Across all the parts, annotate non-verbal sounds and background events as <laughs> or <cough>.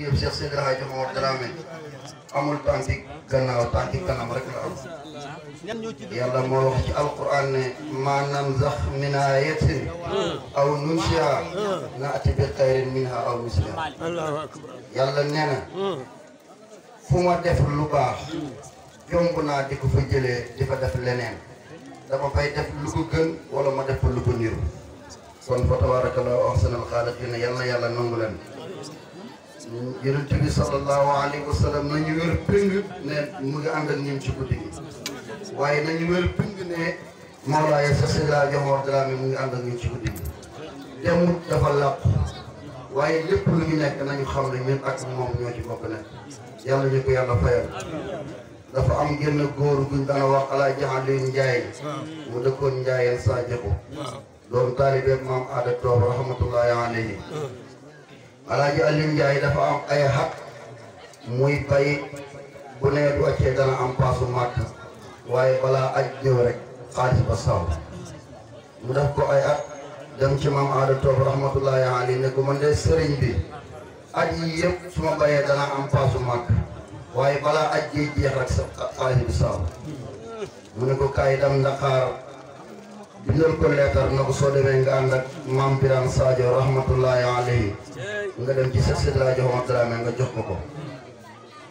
kii Cheikh Seydou El moo wax ci alquran ne maanaam sax min aayatin aw nunsiha bi xayrin minha aw misliha yàlla nee na fu ma def lu baax yomb naa di ko fa jëlee di fa def leneen dama fay def lu ko ma def fa lu ko niru kon fa tabaarakallahu ahsanal xaaliqiin yàlla yàlla nangu leen yonent bi sallallahu alayhi wa nañu wér péng ne mu ngi ànd ak ñun ci guddi gi waaye nañu wér péng ne Mawlaaya sa Seyda Jomoor Dramé mu ngi ànd ak ñun ci guddi gi demut dafa làpp waaye lépp lu ñu nekk nañu xam ne ñun ak moom ñoo ci bokk nekk yàlla ñu ko yàlla fayal dafa am génn góor guñ dana wax alaa jaxan leen njaay mu dëkkoon njaayeen saa jëkku doon taalibeek maam aada toob rahmatullahi alayhi Alaaji Aliou Ndiaye dafa am ay xaq muy bay bu nawet wàccee dana am paasu màkk waaye balaa aj ñëw rek xaalis ba mu def ko ay at dem ci maam aada toob rahmatullahi ali ne ko man de sëriñ bi aj yi yëpp su ma bayee dana am paasu màkk waaye balaa aj gi jeex rek sa xaalis bi mu ne ko kaay dem Ndakaar bindal ko leetar na ko soo demee nga ànd ak maam Birame Sadio rahmatullahi alayhi nga dem ci Seex Sidi Laaji Omar Dramé nga jox ko ko.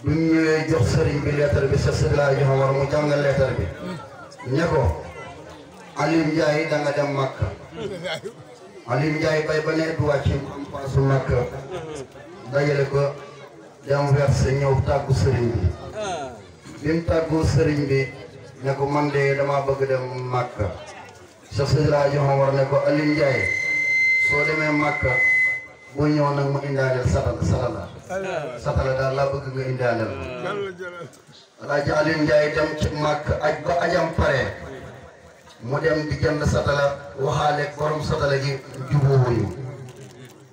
bi mu ñëwee jox sëriñ bi leetar bi Seex Sidi Laaji Omar mu jàngal leetar bi. ña ko Aliou Ndiaye da nga dem Màkka. Aliou Ndiaye bay ba nee du wàcc am paasu Màkka dajale ko dem verse ñëw tàggu sëriñ bi. bi mu tàggu sëriñ bi ne ko man de damaa bëgg dem Màkka. sa sëdraaji Omar ne ko Alioune Ndiaye soo demee Màkka booy ñëw mu indaaleel satala laa bëgg nga indaaleel alaaji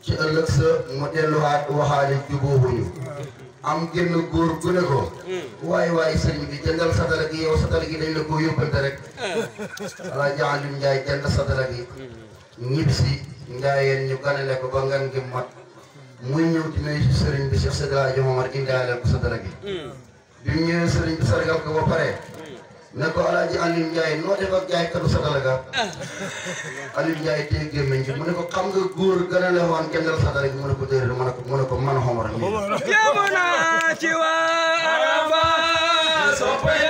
ëllëg sa mu delluwaat waxaale jubóowuñu am génn góor gu ne ko waay waay sëriñ bi jëndal satala gi yow satala gi dañ la koo yóbbante rek walla jaalim njaay jënd satala gi mm-hmm. ñib si njaayeen ñu ganale ko ba ngan gi mat muy ñëw di nuyu si sëriñ bi Cheikh Seydi Hadji Omar indaaleel ko satala gi mm-hmm. bi mu ñëwee sëriñ bi sargal ko ba pare mm-hmm. ne ko alaaji Aliou Ndiaye noo def ak jaay katu satala ga <laughs> Aliou Ndiaye tey gémmiñ gi mu ne ko xam nga góor gën a lewoon kenn mu ne ko déedéet mu ne ko mu ne ko man xomar sọ pé.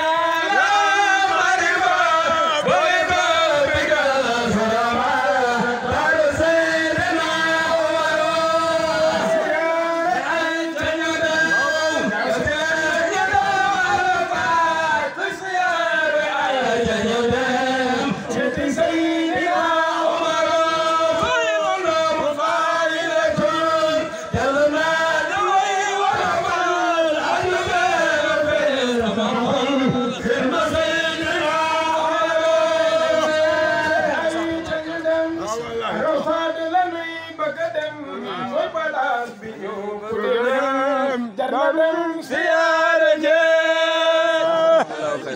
rafaat la nuy bëgg a dem mooy palaas bi ñu bëgg dem jar dem siyaare jee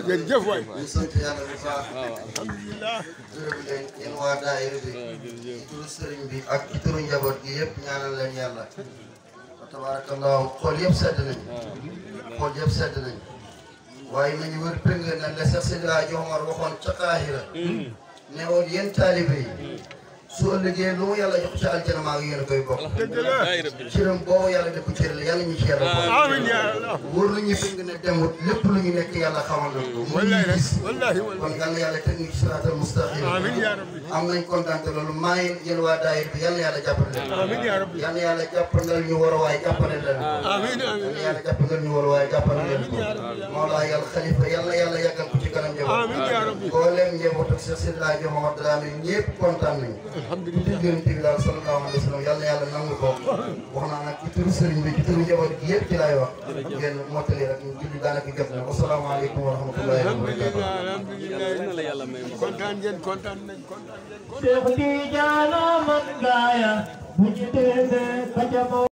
jërëjëf waay ñu sant yàlla bu baax alhamdulilah ñaanal leen yàlla tabarakallahu xool xool yëpp sedd nañ waaye nañu wër péng na la sax si laa jox Omar ca Kaahira hmm. ne woon yéen taalibe su ëllëgee lu mu yàlla jox ci aljana maa ngi yéen a koy bokk. cëram boobu yàlla def ko cër la yàlla ñu ci yàlla bokk. wóor nañu bëgg ne demut lépp lu ñu nekk yàlla xamal na ko. wallaahi wallaahi kon yàlla yàlla teg ñu ci siraatal mustaqim. am nañ kontaan loolu maa ngi yéen waa daayir bi yàlla yàlla jàppale leen. yàlla yàlla jàppandal ñu war a waay jàppale leen. yàlla yàlla jàppandal ñu war a waay jàppale leen. Mawlaay yàlla xalifa yàlla Cheikh Seydina Diop Mamadou Dramé ñëpp kontaan nañu. alhamdulilah di gërëm ci biir daal sallallahu alayhi wa sallam yàlla na yàlla nangu ko. wax naa nag ci turu sëriñ bi ci turu njaboot gi yëpp ci laay wax. jërëjëf ngeen mottali rek ñu julli daanaka jot na ko salaamaaleykum wa rahmatullahi wa barakatuh. alhamdulilah kontaan ngeen kontaan nañ kontaan ngeen. Cheikh Tidiane Mangaya bu ñu teesee